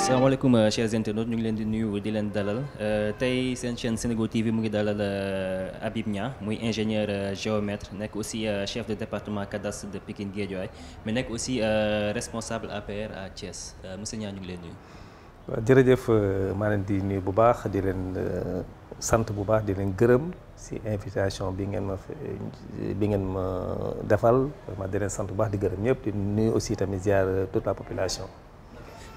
salaamaaleykum euh, chers internautes ñu ngi leen di nuyu di leen dalal euh, tey seen chaîne Sénégo TV mu ngi dalal euh, Habib Niang muy ingénieur géomètre nekk aussi chef de département cadastre de Pikine Guédiawaye mais nekk aussi responsable APR à Thiès monsieur Niang ñu ngi leen nuyu. jërëjëf maa leen di nuyu bu baax di leen sant bu baax di leen gërëm si invitation bi ngeen ma bi ngeen ma defal ma di leen sant bu baax di gërëm ñëpp di aussi tamit ziar toute la population.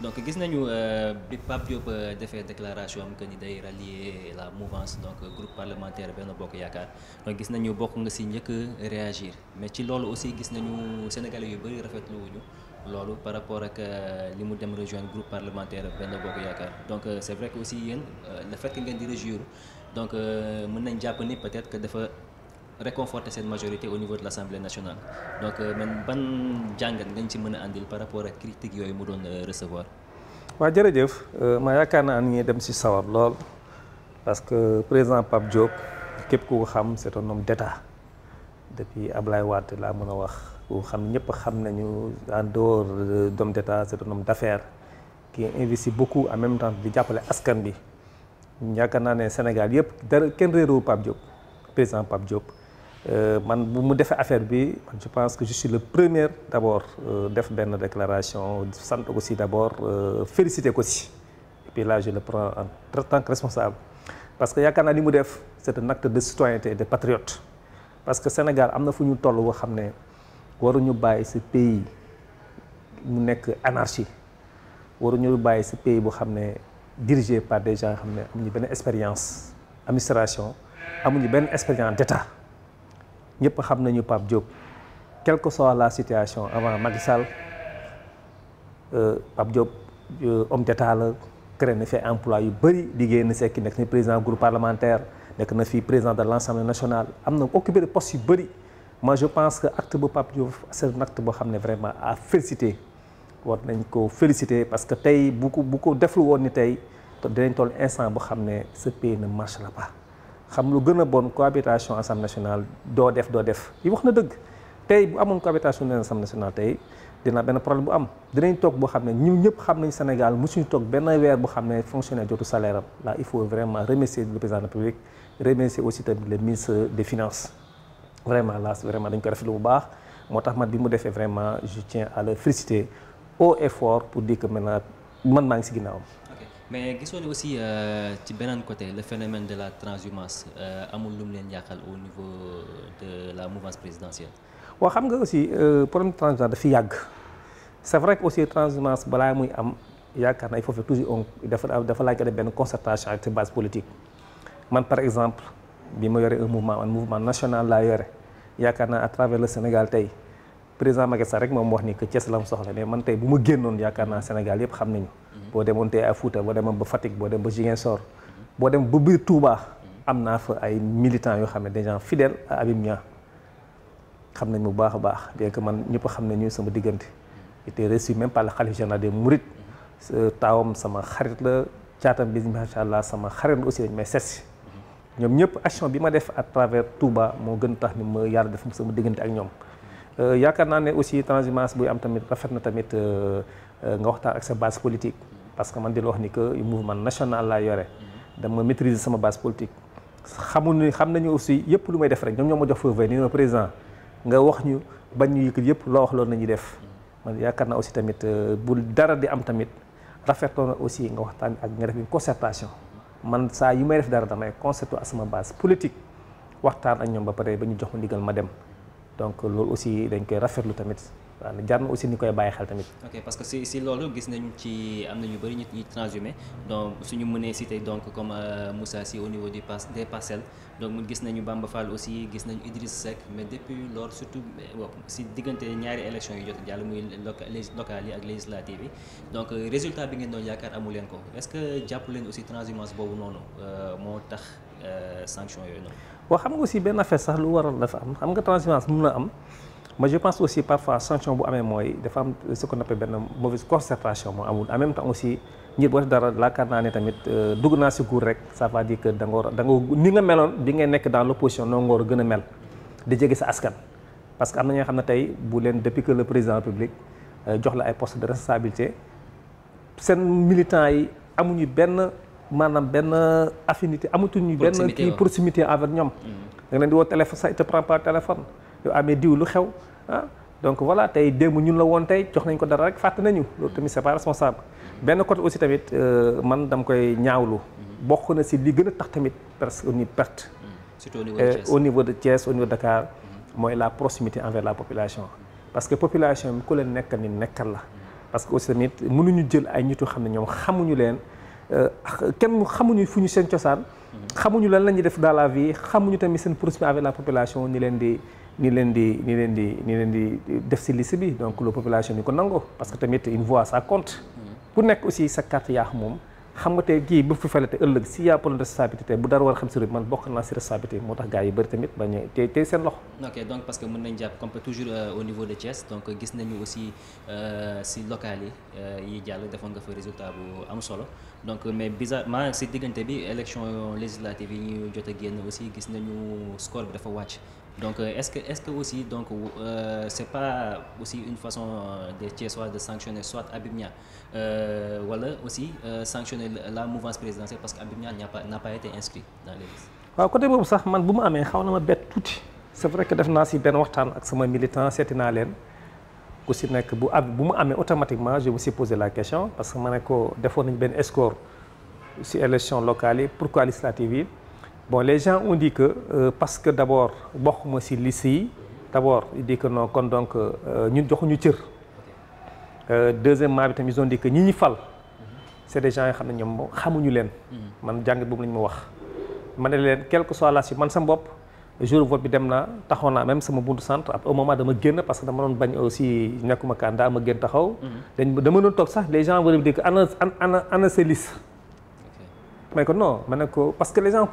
donc gis nañu euh, bi Pape Diop euh, defee déclaration am que ni day rallier la mouvance donc euh, groupe parlementaire benn Bokk Yaakaar donc gis nañu bokk nga si njëkk réagir mais ci loolu aussi gis nañu sénégalais yu bëri rafetlu ñu loolu par rapport ak li mu dem rejoindre groupe parlementaire Benno Bokk Yaakaar donc c'est vrai que aussi yéen le fait que ngeen di réjouir donc mën nañ jàpp ni peut-être que dafa. réconforter seen majorité au niveau de l'Assemblée nationale donc euh, man ban jàngat ngañ ci mën a àndil par rapport ak critiques yooyu mu doon euh, recevoir. waaw jërëjëf euh, ma yaakaar naa ni dem ci sawar lool parce que président Pape Diop képp ku xam c'est un homme d'État depuis Ablaye Wade laa mën a wax ku xam ñëpp xam nañu en dehors d'homme d'État c'est un homme d'affaires qui investit en même temps di jàppale askan bi yaakaar naa ne Sénégal yëpp dara kenn réeroo Pape président Pape Diop. Euh, man bu mu defee affaire bi man je pense que je suis le premier d' abord euh, def benn déclaration sant ko si d' abord euh, félicité ko si et puis là je le prends en tant que responsable parce que yaakaar naa li mu def c' est un acte de citoyenneté de patriote parce que Sénégal am na fu ñu toll boo xam ne waruñu bàyyi ce pays mu nekk anarchie waruñu bàyyi ce pays boo xam ne dirigé par des gens xam ne am ñu benn expérience administration amuñu benn expérience d' ñëpp xam nañu Pape Diop quelle que soit la situation avant Macky Sall euh, Pape Diop euh, homme d'État la créé na fi emploi yu bëri liggéey na sekki nekk na président groupe parlementaire nekk na fi président de l'Assemblée national am na occupé de poste yu bëri moi je pense que acte bu Pape Diop c'est acte boo xam ne vraiment à féliciter war nañ ko féliciter parce que tey bu ko bu ko deful woon ni tey dinañ toll instant boo xam ne ce pays ne la ba xam lu gën a bon cohabitation assemblée nationale doo def doo def yi wax na dëgg tey bu amoon cohabitation ne assemblée nationale tey dina benn problème bu am dinañ toog boo xam ne ñu ñëpp xam nañ mu mosuñu toog benn weer boo xam ne fonctionnaire jotu salaire am là il faut vraiment remercier le président de la République remercier aussi tamit le ministre des vraiment là vraiment dañ ko rafetlu bu baax moo tax man bi mu defee vraiment je tiens à le féliciter haut et fort pour dire que maintenant man maa ngi si ginnaawam mais gisoo ne aussi euh, ci beneen côté le phénomène de la transhumance euh, amul lu mu leen yàqal au niveau de la mouvance présidentielle. waaw xam nga aussi euh, problème transhumance dafi yàgg c'est vrai que aussi transhumance balaa muy am yaakaar na il faut faire toujours on dafa dafa laaj benn concertation ak base politique man par exemple bi ma yore un mouvement man national laa yore yaakaar naa à travers le Sénégal tey. président Macky Sall rek moom wax ni que Thiès la mu soxla mais man tey bu ma génnoon yaakaar naa Sénégal yëpp xam nañu. Mhm. boo demoon tey à Fouta boo demoon ba Fatick boo dem ba Ziguinchor. boo dem ba biir Touba. Mhm. am naa fa ay militants yoo xam ne des gens fidèles à Habib Niang xam nañ bu baax a baax bien que man ñëpp xam nañu sama diggante. Mhm. été reçu même par le khalife général des Mourides. Euh, taawam sama xarit la caatam bi macha allah sama xarit la aussi dañ may seetsi. ñoom bi ma def travers Touba moo gën tax ni ma yàlla def sama diggante ak Euh, yaakaar naa ne aussi transhumance buy am tamit rafet na tamit euh, euh, nga waxtaan ak sa base politique parce que man di la wax ni que mouvement national laa yore dama maîtriser sama base politique xamul ni xam nañu aussi yëpp lu may def rek ñoom ñoo ma jox feu vert ni nga wax ñu bañ ñu yëkkat yëpp loo wax loolu nañuy def yaakaar naa aussi tamit bu dara di am tamit rafetoon na aussi nga waxtaan ak nga def man saa yu may def dara damay concerté sama baas politique waxtaan ak ñoom ba pare ba ñu jox ma ndigal ma dem donc loolu aussi dañ koy rafetlu tamit waaw jar na aussi ni koy bàyyi xel tamit. ok parce que si si loolu gis nañu ci am na ñu bëri ñu ñuy transhumé donc suñu mënee cité donc comme euh, Moussa Sy au niveau du pas des parcelles donc gis nañu Bamba Fall aussi gis nañu Idriss Seck mais depuis loolu surtout si diggante ñaari élection yu jot jàll muy locales yi ak législatives yi donc résultat bi ngeen doon yaakaar amu leen ko est-ce que jàpp leen aussi transhumance boobu noonu euh, moo tax. Euh, sanction yooyu xam nga aussi benn affaire sax lu waral dafa am xam nga transhumance mun na am mais je pense aussi parfois sanction bu amee mooy dafa am ce qu'on appelle benn mauvaise concertation moo amul en même laakaar naa ne tamit euh, dugg naa si guur rek ça veut dire que da nga da ni nga meloon bi ngay nekk dans l'opposition noo nga war a gën a mel di jege sa askan. parce que am na ñoo xam ne tey bu leen depuis que le président public euh, jox la ay postes de responsabilité seen militants yi amuñu benn. maanaam benn affinité amatuñu benn kii proximité avec ñoom mm. da nga leen di woo téléphone ça te prend téléphone yow amee diw lu xew ah. donc voilà tey démb ñun la woon tey jox nañ ko dara rek fàtte nañu loolu tamit c'est pas responsable benn côté aussi tamit euh, man dam koy ñaawlu mm-hmm. bokk na si li gën a tax tamit presque ni perte mm. euh, au niveau de Thiès au niveau de Dakar mm-hmm. mooy la proximité envers la population parce que population bi ku leen nekkal ni nekkal la mm. parce que aussi tamit mënuñu jël ay ñitu xam ne ñoom xamuñu leen Euh, kenn xamuñu fu ñu seen cosaan. Mhm. xamuñu lan la ñuy def dans la vie xamuñu tamit seen proximité avec la population ni leen di ni leen di ni leen di leen di def si liste bi donc la population ni ko nangoo parce que tamit une voix ça compte. Mhm. ku nekk aussi sa carte yaa moom. xam nga tey kii bu fi fale te ëllëg si y a problème de responsabilité bu dara war a xam si réew man bokk naa si responsabilité moo tax gars yi bëri tamit bañ a tey tey seen loxo. ok donc parce que mën nañ jàpp comme toujours euh, au niveau de Thiès donc gis nañu aussi euh, si local yi euh, yi jàll defoon nga fa résultat bu am solo donc mais bisa bizarrement si diggante bi élection législative yi ñu jot a génn aussi gis nañu score bi dafa wàcc donc euh, est-ce que est-ce aussi donc euh, c'est pas aussi une façon euh, des Thiessois de sanctionner soit Habib Niang euh, wala aussi euh, sanctionner la mouvance présidentielle parce que Habib Niang n'a pas n'a pas été inscrit dans les waaw côté boobu sax man bu ma amee xaw na ma bett tuuti c'est vrai que def naa si benn waxtaan ak sama militant seeti naa leen ku si nekk bu ab bu mu amee automatiquement je me suis posé la question parce que ma ne ko defoon nañ benn score si élection locale yi pour législative yi. bon les gens ont dit que euh, parce que d' abord si yi d' abord il dit que kon donc euh, ñun joxuñu cër euh, deuxièmement bi tamit ils ont dit que ñi ñi fal c' est des xam ne ñoom xamuñu leen mm-hmm. man jàngat boobu la ma wax ma ne leen quelque que soit la si man sama bopp jour vote bi dem naa taxaw naa même sama buntu centre après au moment dama génn parce que dama doon bañ aussi nekkuma candidat ma génn taxaw mm-hmm. dama doon toog sax les gens veulent dire ana ana ana sa liste mais que non parce que les gens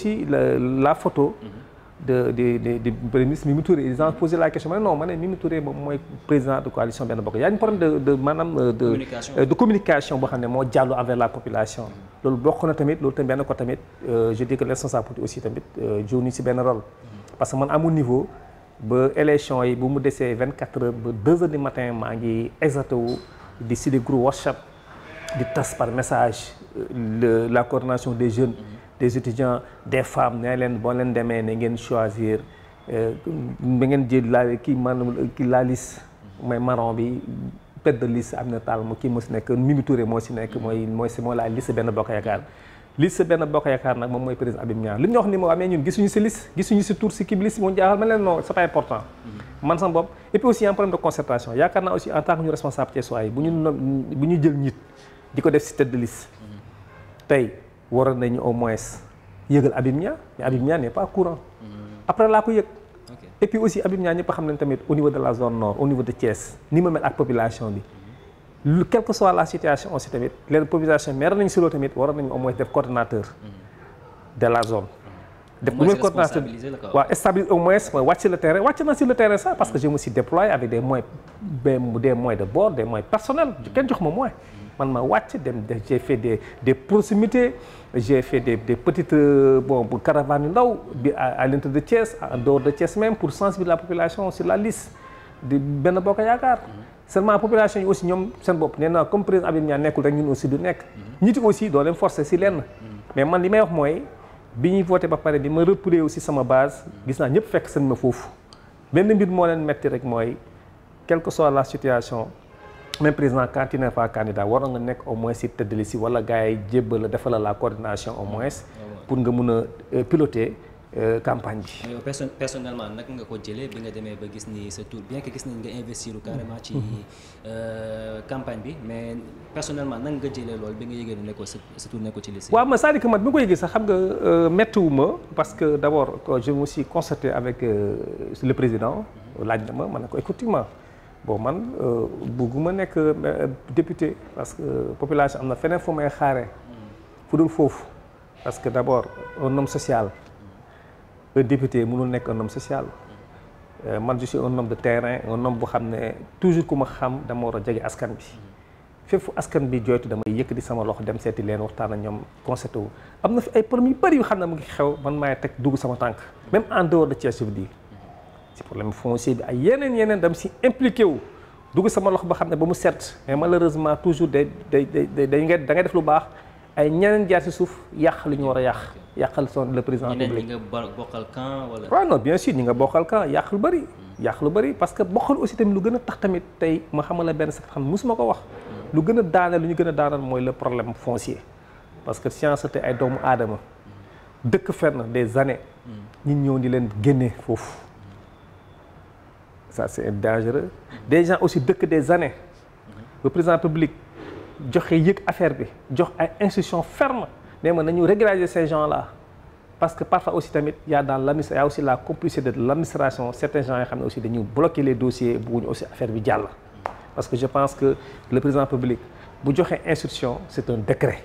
ils la, la photo. de de de de ministre Mimi Touré mhm. la question ma ne non moom mooy président de coalition Benno Bokk Yaakaar y a un problème de euh, euh, de communication boo xam ne moo jàllu avec la population. Mhm. loolu bokk na tamit loolu tamit benn ko tamit euh, je dis que tamit joué si benn rôle. Mhm. parce que man à mon niveau. ba élection yi bu mu desee vingt quatre heures ba deux heures du matin maa ngi exerté wu di si di groupe WhatsApp. di tas par message le, la coordination des jeunes des étudiants des femmes ne leen boo leen demee ni ngeen choisir ba euh, ngeen jël la kii maanaam kii la liste mooy marron bi tête de liste Aminata Tall mo kii moo si nekk Mimi Touré moo si nekk mooy mooy si moo la liste Benno Bokk Yaakaar nag moom mooy président Habib Niang li ñu wax ni moo amee ñun gisuñu si liste gisuñu si si kii bi liste moo jaaxal ma leen non c'est pas important man sama bopp et puis aussi un problème de di ko def si tête de liste tey waroon nañu au moins yëgal Habib Niang mais Habib pas courant mm. après laa ko yëg et puis aussi Habib Niang ñëpp xam nañ tamit au niveau de la zone nord au niveau de Thiès ni ma mel ak population bi mm-hmm. lu quelle que la situation aussi tamit leen population mer nañ si loolu tamit waroon nañu au moins def coordonnateur mm-hmm. de la zone mm-hmm. def lu muy coordonnateur waaw stabiliser au moins mooy wàcc sur le terrain wàcc na sur le terrain sax parce que je me suis ma moyen man ma wàcc dem de fait des des proximités de fait des des petites euh, bon caravanes yu ndaw bi à l'intérieur de Thiès en dehors de Thiès même pour sensibiliser la population sur la liste di benn bokk yaakaar mm-hmm. seulement population yi aussi ñoom seen bopp nee naa comme président Habib Niang nekkul rek ñun aussi du nekk ñiti mm-hmm. aussi doo leen forcer si lenn mm-hmm. mais man li may wax mooy bi ñuy voté ba pare bi ma repré aussi sama base gis naa ñëpp fekk seen ma foofu benn mbir moo leen metti rek mooy quelque que la situation mais président quand tu n'es pas candidat waroon nga nekk au moins si tëdd liste si wala jébbal la defal la coordination au moins. pour nga mun a euh, piloter euh, campagne bi. mais yow personnellement nga ko jëlee bi nga demee ba gis ni sa tour bien que gis nañ nga investir carrément ci mhm. euh, bi mais personnellement naka nga jëlee loolu ko sa sa tour nekkul ci liste. waaw man c'est-à-dire que man bi nga ko yëgee sax xam nga méttiwu ma parce que d' abord je me suis avec le président. Mhm. laaj na ma ma ne ko écoute bon man euh, bugguma nekk euh, député parce que population am na feneen fu may xaare fu dul foofu parce que d'abord un homme social un député mënul nekk un homme social euh, man je suis un homme de terrain un homme bu xam ne toujours ku ma xam dama war a jege askan bi fépp fu askan bi jooytu damay yëkkati sama loxo dem seeti leen waxtaan a ñoom concerté wu am na fi ay problème yu yu xam ne mu ngi xew man maay teg dugg sama tànk même en dehors de Thiès je veux si problème foncier bi ay yeneen yeneen dam si impliqué wu dugg sama loxo ba xam ne ba mu set mais malheureusement toujours day day day day da ngay def lu baax ay ñeneen jaar si suuf yàq li ñu war a yàq yàqal son le président public ñi nga bokkal camp wala. waaw ah non bien sûr ñi nga bokkal camp yàq lu bëri. Hmm. yàq lu bëri parce que bokkal aussi tamit lu gën a tax tamit tey ma xamal la benn sax xam musuma ko wax. Hmm. lu gën a daaneel lu ñu gën a daaneel mooy le problème foncier parce que science te ay doomu aadama hmm. dëkk fenn des années. ñu ñëw di leen génne foofu. ça c'est dangereux des gens aussi dëkk des années le président public joxe yëg affaire bi jox ay institution ferme nee ma nañu régulariser ces gens la parce que parfois aussi tamit ya daan dans l'administration aussi la complicité de l'administration certains gens yoo xam ne aussi dañu bloquer les dossiers bëgguñu aussi affaire bi jàll parce que je pense que le président public bu joxe instruction c'est un décret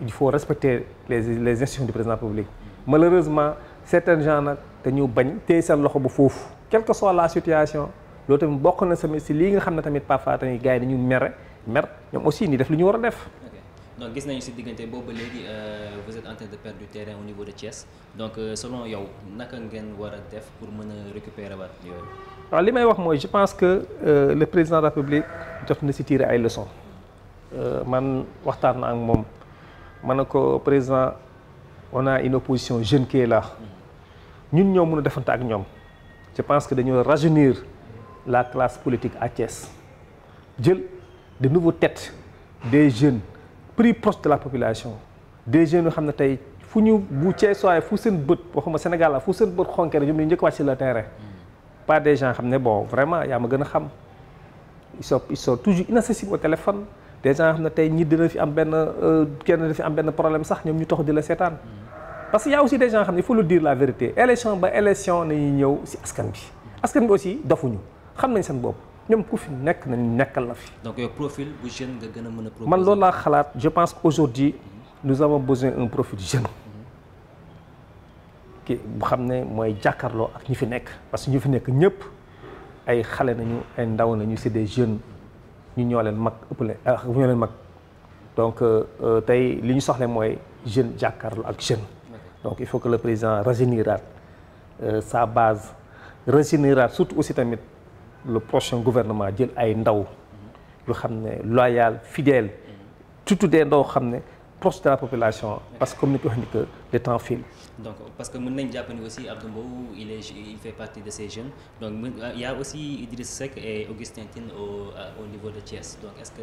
il faut respecter les les instructions du président public malheureusement te ñu bañ tey seen loxo bu foofu quelque que soit la situation loolu tamit bokk na sama si lii nga xam ne tamit parfois tamit gars yi dañu mere mer ñoom aussi ni def lu ñu war a def. donc gis nañu si diggante boobu ba léegi euh, vous êtes de perdre du terrain de Thiès donc euh, selon yow naka ngeen war a def pour mën a récupérer waat yooyu. waaw li may wax mooy je pense que euh, le président de la na ci tirer ay leçons euh, man waxtaan na ak moom mën ne ko président on a une opposition jeune qui est ñun ñoo mun a defante ak ñoom je pense que dañoo rajeunir la classe politique ak Thiès jël de nouveaux têtes des jeunes pris proche de la population des jeune yoo xam ne tey fu ñu bu Thiès waaye fu seen bët waxuma Sénégal la fu seen bët xonkee ñoom ñu njëkk wàcc le terrain pas des gens xam ne bon vraiment yaa ma gën a xam ils sont ils sont toujours inaccessibles au téléphone des gens xam ne tey ñi dina fi am benn euh, kenn dina fi am benn problème sax ñoom ñu tax di la seetaan parce que y' a aussi des gens xam ne il faut le dire la vérité élection ba élection nañu ñëw si askan bi askan bi aussi dafuñu xam nañ seen bopp ñoom ku fi nekk nañ nekkal la fi. donc yow profil bu gën a mën a. man loolu laa xalaat je pense que aujourd'hui nous avons besoin un profil jeune. ki bu xam ne mooy jàkkaarloo ak ñu fi nekk. parce que ñu fi nekk ñëpp ay xale nañu ay ndaw nañu c'est des jeunes ñu ñoo leen mag ëppale ah ñoo leen mag donc euh, euh, tey li ñu soxle mooy jeune jàkkaarloo ak jeune. donc il faut que le président rajeuniraat euh, sa base rajeuniraat surtout aussi tamit le prochain gouvernement jël ay ndaw yu xam ne loyal fidèle surtout des ndaw xam ne proche de la population parce que comme ni ko waxee ni que le temps file. parce que mën nañ jàpp ni aussi Abdou il est il fait partie de ces jeunes donc il y a aussi Idriss Seck et Augustin Tine euh, au niveau de Thiès donc est-ce que.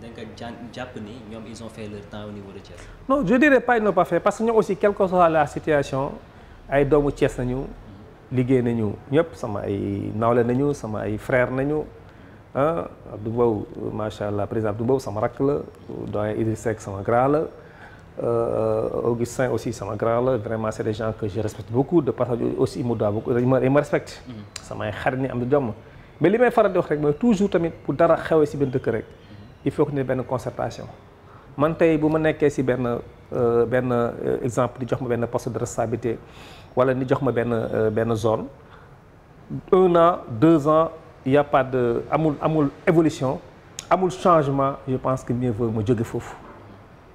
da nga jàpp ni ñoom ils ont fait leur temps au niveau de Thiès. non je dirais pas ils n'ont pas fait parce que ñoom aussi quelle que la situation ay doomu Thiès nañu. liggéey nañu ñëpp sama ay nawle nañu sama ay frère nañu ah Abdou Mbow macha allah président Abdou Mbow sama rakk la doyen Idriss Seck sama grand la. Euh, Augustin aussi sama grand la vraiment c'est des gens que je respecte beaucoup de partage aussi ils me doivent beaucoup ils me respectent. Mm-hmm. samay xarit ni am na jom mais li may faral di wax rek mooy toujours tamit bu dara xewee si benn dëkk rek. il faut que ñu benn concertation man tey bu ma nekkee si benn euh, benn euh, exemple di jox ma benn poste de responsabilité walla ni jox ma benn euh, benn zone un an deux ans il y a pas de amul amul évolution amul changement je pense que mieux ma jóge foofu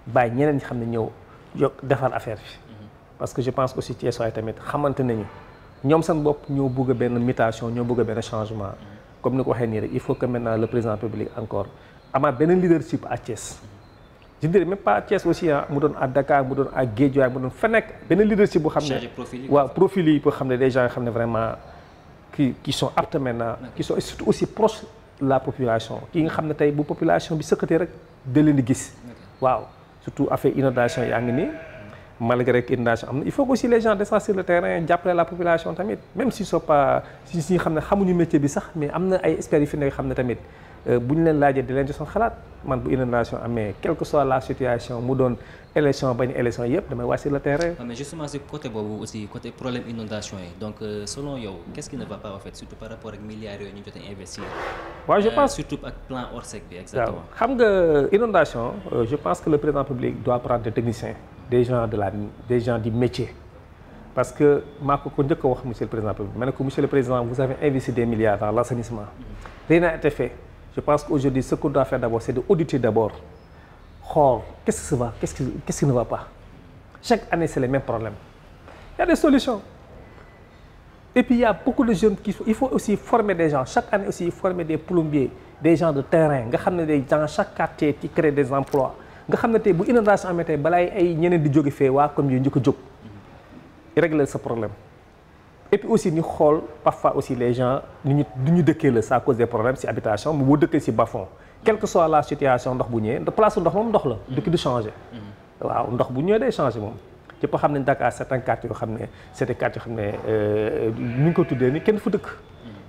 bàyyi ñeneen ñi xam ne ñëw yokk defar affaire bi parce que je pense aussi ci Thiessois tamit xamante nañu ñoom seen bopp ñoo bëgg benn mutation ñoo bëgg benn changement comme ni ko waxee nii rek il faut que maintenant le président amaat beneen leadership à Thiès je dirais pas à Thiès ah, mu doon à Dakar mu doon à Guédiawaye mu doon fa nekk beneen leadership bu xam ne waaw profil yi boo xam ne des gens xam ne vraiment qui qui sont aptes maintenant qui sont surtout aussi proches la population ki nga xam ne tey bu population bi sëkkatee rek da di gis waaw surtout affaire inondation yaa ngi nii malgré le terrain jàppale la population tamit même si soo pas si ñi xam ne xamuñu métier bi sax mais am na ay experts yi xam ne tamit Euh, bu ñu leen laajee di xalaat man bu inondation amee quelle que soit la situation mu doon élection bañ élection yëpp damay wàcc le terrain. mais justement si côté boobu aussi côté problème inondation yi donc euh, selon yow qu'est-ce qui ne va pas en surtout par rapport ak milliards yooyu ñu jot a investir. Euh, waaw je pense xam nga inondation je pense que le président public doit prendre des techniciens des gens de la des gens du métier. parce que maa ko wax monsieur le président public ma ne ko monsieur le président vous je pense qu'aujourd'hui ce qu'on doit faire d'abord c'est d'auditer d'abord xool qu'est-ce qui se va qu'est-ce va pas chaque année c'est les mêmes problèmes il y a des solutions et puis il y a de jeunes qui il faut aussi former des gens chaque année aussi forme des plombiers des gens de terrain nga xam ne day dans chaque quartier qui crée des emplois nga xam ne tey bu inondation amee tey balaa ay ñeneen di jóge fee waa comme yooyu njëkk a jóg régler ce problème et puis aussi ñu xool parfois aussi les gens ni ñu du ñu dëkkee la ça cause des problèmes si habitation mu boo dëkkee si bas-fond soit la situation ndox bu ñëwee place ndox mm-hmm. moom ndox la dëkk du changé waaw ndox bu ñëwee day changé moom ñëpp xam nañ Dakar certains quartiers yoo xam ne c'est des quartiers yoo xam ne euh, ni ñu ko tuddee ni kenn fu dëkk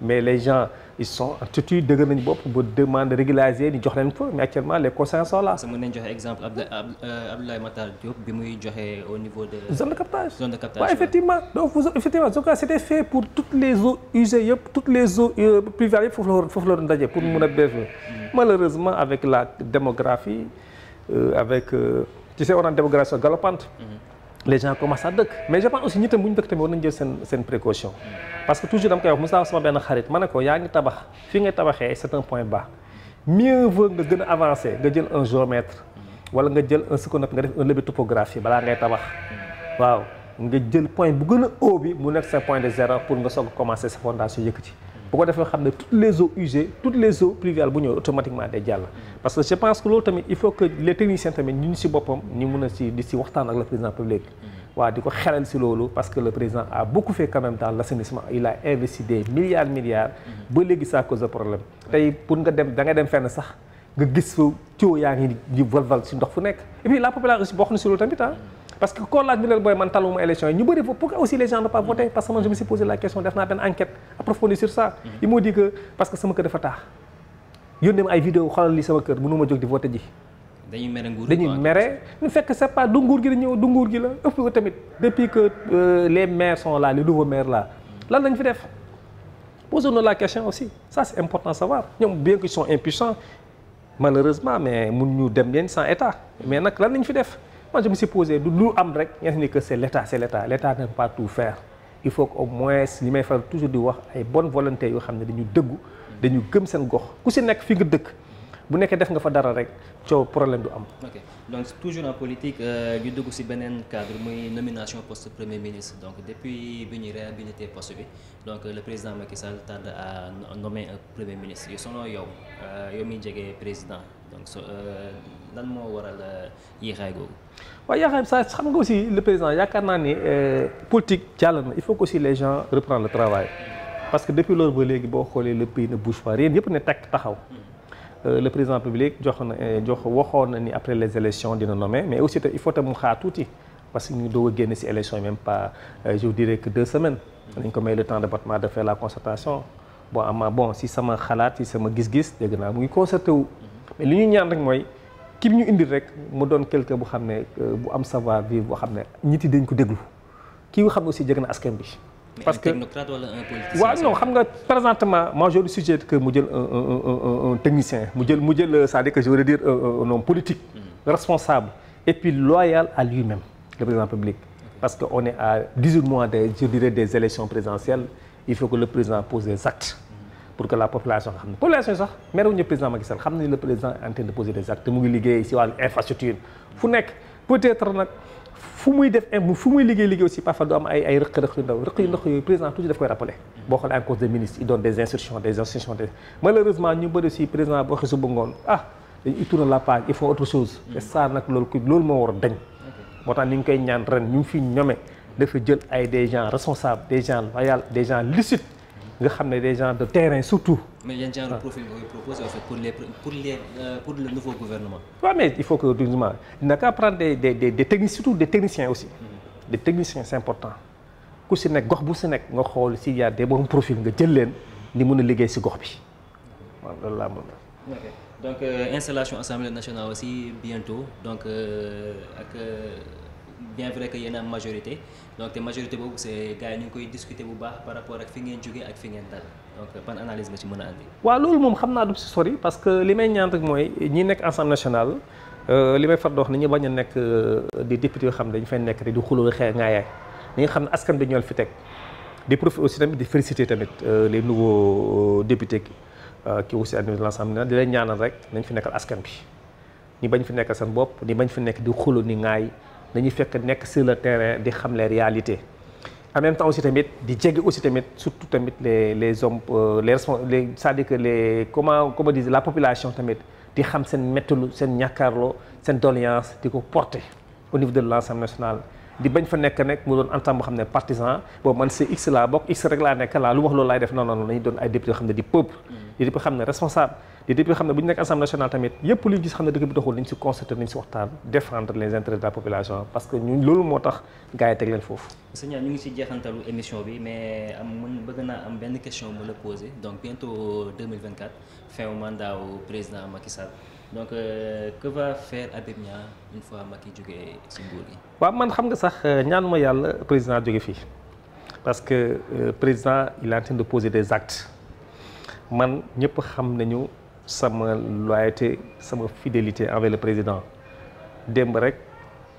mais les gens ils sont en tout cas dëgër nañu bopp ba demande régulariser ñu jox leen ko mais actuellement les consciences sont là. sa mën nañu joxe exemple euh, bi muy joxe au niveau de. zone de captage zone de captage waaw effectivement donc effectivement en tout cas c' était fait pour toutes les eaux usées yëpp toutes les euh, la war foofu pour mun a mm. malheureusement avec la démographie euh, avec tu sais on a une démographie galopante. Mm-hmm. les gens commencent à dëkk mais je pense aussi ñi tam bu ñu dëkk tamit war nañ jël seen précaution parce que toujours dama koy wax Moussa sama benn xarit ma ne ko yaa ngi tabax fii ngay tabaxee c'est un point bas mieux vaut nga gën a avancé nga jël un géomètre wala nga jël un ce qu'on nga def un levé topographie balaa ngay tabax waaw nga jël point bu gën a haut mu nekk sa point de zéro pour nga soog a commencer sa fondation e ci bu ko defee xam ne toutes les eaux usées toutes les eaux pluviales bu ñëw automatiquement day jàll parce que je pense que loolu tamit il faut que les techniciens tamit ñu si boppam ñu mun a si di si waxtaan ak le président public mm-hmm. waaw di ko xelal si loolu parce que le président a beaucoup fait il a investi des milliards milliards mm-hmm. ba léegi ça cause de problème tey pour nga dem da dem fenn sax nga gis fa tuyau yaa ngi di valval si ndox fu nekk et puis la population aussi bokk na ah. mm-hmm. ne pas approfondir sur ça. Mhm. il m'a dit que parce que sama kër dafa taa yónnee ma ay vidéo xoolal li sama kër mënu ma jóg di voté ji. dañuy mere nguur dañuy mere ñu fekk c'est pas du nguur gi di ñëw du nguur gi la ëpp ko tamit depuis que euh, les maires sont là les nouveaux maires là mhm. lan lañ fi def posons-nous la question aussi ça c'est important à savoir ñoom bien qu'ils sont impuissants malheureusement mais mun ñu dem leen san état mais nag lan lañ fi def man je me suis posé du lu am rek ngeen il faut que au moins li may faral toujours di wax ay bonne volonté yoo xam ne dañu dëggu dañu gëm seen gox ku si nekk fi nga dëkk bu nekkee def nga fa dara rek coow problème du am. ok donc toujours en politique euh, ñu dugg si beneen cadre muy nomination post premier ministre donc depuis bi ñuy réhabilité post bi donc le président Macky Sall tarde à nommer un premier ministre sono yow euh, yow miy jege président donc so. Euh, lan moo waral euh, yéexaay googu. waaw yéexaay bi saa xam nga aussi le président yaakaar naa ni euh, politique jàll na il faut que aussi les gens reprennent le travail parce que depuis loolu ba léegi boo xoolee le pays ne bouge pas rien yëpp ne teg taxaw. Mm-hmm. Euh, le président public jox na jox waxoon na ni après les élections dina nommer mais aussi te il faut te mu xaar tuuti parce que ñu doog a génn si élection yi même pas je dirais que deux semaines. Mm-hmm. dañ ko may le temps de battement de faire la concertation. bon ama bon si xalaat si sama gis-gis dégg naa mu ngi concerté wu. Mm-hmm. li ñu ñaan rek mooy ki ñu indil rek mu doon quelqu'un bu xam ne euh, bu am savoir vivre boo xam ne nit yi dañ ko déglu kii nga xam ne aussi jege na askan bi. parce que technocrate wala un xam nga présentement moi je suggère que mu jël un technicien mu jël mu jël euh, c'est-à-dire que je veux dire euh, un homme politique. Mm-hmm. responsable et puis loyal à lui-même le président public. parce que on est à 18 des élections présidentielles il faut que le président pose des pour que la population xam ne population yi sax merewuñu président Macky Sall xam nañu le président en train de poser te mu ngi liggéey si wàllu infrastructure fu nekk peut-être nag fu muy def fu muy liggéey liggéey aussi parfois du am ay ay rëq-rëq yu ndaw rëq yu ndax yooyu président toujours koy rappelé boo xoolee en cause des ministres il donne des instructions des instructions des malheureusement ñu bëri aussi président boo xee su bëggoon ah dañuy tourner la page a dañ moo tax ni ngi koy ñaan fi ñome dafa jël ay des gens responsables des gens loyaux des nga xam ne des gens de terrain surtout. mais yan genre ah. profil yooyu proposé en fait pour les pour les euh, pour le nouveau gouvernement. waaw mais il faut que gouvernement naka prendre des des des, des techniciens surtout des techniciens aussi. de mm-hmm. des techniciens important ku si nekk gox bu si nekk nga xool si y a des bons nga jël leen ni mun a liggéey si gox bi waaw loolu laa mën ok donc euh, installation assemblée nationale aussi bientôt donc euh, ak. Euh, bien vrai que yéen a majorité donc te majorité boobu c'est gars yi ñu ngi koy discuter bu baax par rapport ak fi ngeen jógee ak fi ngeen dal donc ban analyse nga ci mën a andi. waa loolu moom xam naa du si sori parce que li may ñaan rek mooy ñi nekk Assemblée nationale euh, li may far dox ni ñu bañ a nekk euh, di député yoo xam ne dañu fay nekk di xuloo xeex ngaa yaay xam ne askan bi ñoo fi teg di profiter aussi tamit di féliciter tamit euh, les nouveaux députés ki aussi admis l'ensemble na di la ñaanal rek dañ fi nekkal askan bi ñi bañ fi nekk seen bopp ñi bañ fi nekk di xuloo ni ngaay dañuy fekk nekk si le terrain di xam les réalités en même temps aussi tamit di jege aussi tamit surtout tamit les les hommes euh, les respons les c'est-à-dire que les la population tamit di xam seen méttalu seen ñàkkaarloo seen doléance di ko porter au niveau de l'Assemblée nationale di bañ fa nekk nekk mu doon en tant boo xam ne partisan boobu man si x laa bokk x rek laa nekk laa lu wax loolu laay def non non non dañuy doon ay député yoo xam ne di peuple mm. di les députés xam ne bu ñu nekk assemblée nationale tamit yëpp lu ñu gis xam ne dëkk bi doxul nañ si constaté nañ si waxtaan défendre les intérêts de la population parce que ñun loolu moo tax gars yi teg leen foofu. sëñ ñu ngi si jeexantalu émission bi mais am mën bëgg naa am benn question mu la poser donc bientôt 2024 fin président Macky Sall donc euh, que va faire Habib Niang une fois jógee si nguur gi. waaw man xam nga sax euh, ñaan ma yàlla président jóge fii parce que euh, président il est en de poser des actes ñëpp xam nañu. sama loyauté sama fidélité envers le président démb rek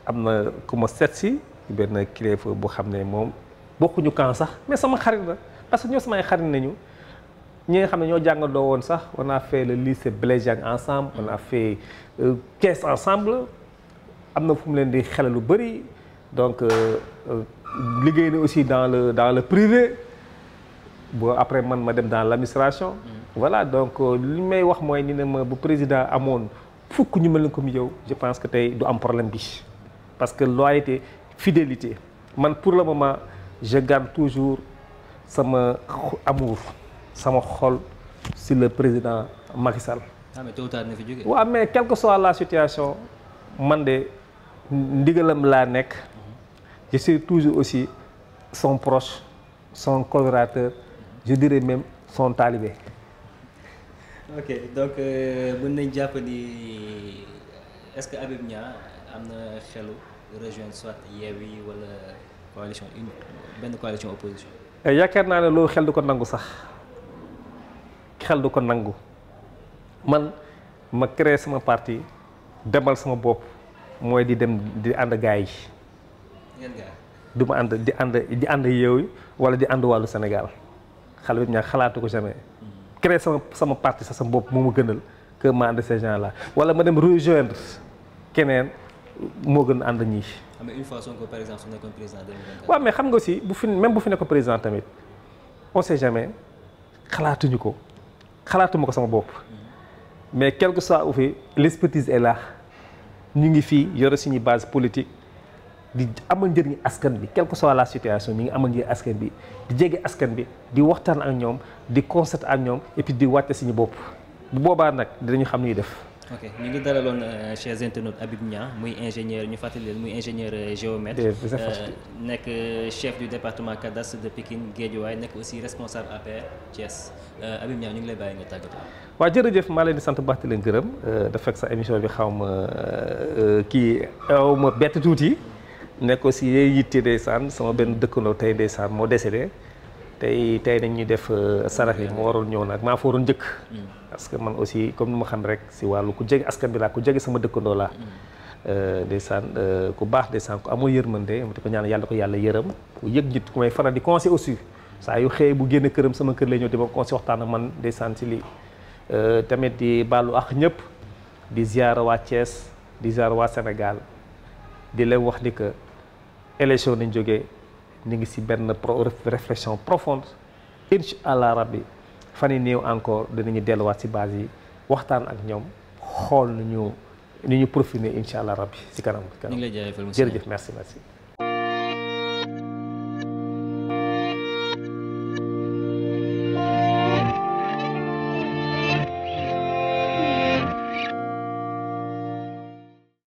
am na ku ma setsi si benn kilifa bu xam ne moom bokkuñu kan sax mais sama xarit na parce que ñoo samay xarit nañu ñi nga xam ne ñoo jàngandoo woon sax on a fait le lycée Blaise Diagne ensemble on a fait caisse euh, ensemble am na fu mu leen di xelal lu bëri donc euh, euh, liggéey ni aussi dans le dans le privé boo après man ma dem dans l'administration voilà donc euh, li may wax mooy ni ne ma bu président amoon fukk ñu mel ni comme yow je pense que tey du am problème bi parce que loyauté fidélité man pour le moment je garde toujours sama amour sama xol si le président Macky Sall. ah mais tôt na fi jóge. waaw mais quelle que soit la situation man de ndigalam laa nekk je suis toujours aussi son proche son collaborateur je dirais même son talibé. Euh, mën nañ jàpp euh, est-ce que Habib am na xelu rejoindre soit Yewwi wala coalition eh, yaakaar naa ne loolu xel du ko nangu sax xel du ko nangu man ma créé sama parti demal sama bopp mooy di dem di ànd gaay yi. ngeen ànd di ànd di ànd Yewwi wala di ànd wàllu Sénégal xale ñaa xalaatu ko jamais. créer sama sama sa sama bopp moo ma gënal que ma ànd ces gens là wala ma dem rejoindre keneen moo gën ànd ñii. xam nga une fois Sonko par exemple su nekkoon président 2024. waaw mais xam nga aussi bu fi même bu fi nekkoon président tamit on sait jamais xalaatuñu ko xalaatuma ko sama bopp. Mm-hmm. mais quel que soit où fi l'expertise est là ñu ngi fii yore suñu base politique. di amal njëriñ askan bi quelle que soit la situation mi ngi amal njëriñ askan bi di jege askan bi di waxtaan ak ñoom di concert ak ñoom et puis di wàcce suñu bopp bu boobaa nag dinañu xam ni def. ok ñu ngi dalaloon euh, chers internautes Habib Niang muy ingénieur ñu fàttali leen muy ingénieur euh, géomètre euh, nekk chef du département cadastre de Pikine Guédiawaye nekk aussi responsable APR Thiès Habib Niang ñu ngi lay bàyyi nga tàggatoo. waaw jërëjëf maa leen di sant baax di leen gërëm dafa fekk émission bi xaw ma kii aw tuuti. nekkoo si yooyu yitte ndeysaan sama benn dëkkandoo tey ndeysaan moo décédé tey tey dañuy def euh, sarax yi moo waroon ñëw nag maa fa waroon njëkk. Mm. parce que man aussi comme ni ma xam rek si wàllu ku jege askan bi laa ku jege sama dëkkandoo laa. Mm. Euh, ndeysaan euh, ku baax ndeysaan ku amul yërmande ma di ko ñaan yàlla ko yàlla yërëm ku yëg nit ku may faral di conseil aussi saa yu xëy bu génn këram sama kër lay ñëw di ma conseil waxtaan ak man ndeysaan si lii. tamit di baalu ak ñëpp di ziar waa Thiès di ziar waa Sénégal di leen wax ni élection nañ jógee ñu ngi si benn réflexion profonde incha allah rabbi fan yi néew encore danañu delluwaat si base yi waxtaan ak ñoom xool nu ñu ni ñu profité incha allah rabbi si kanam. kanam ñu ngi lay jaajëfal jërëjëf merci merci.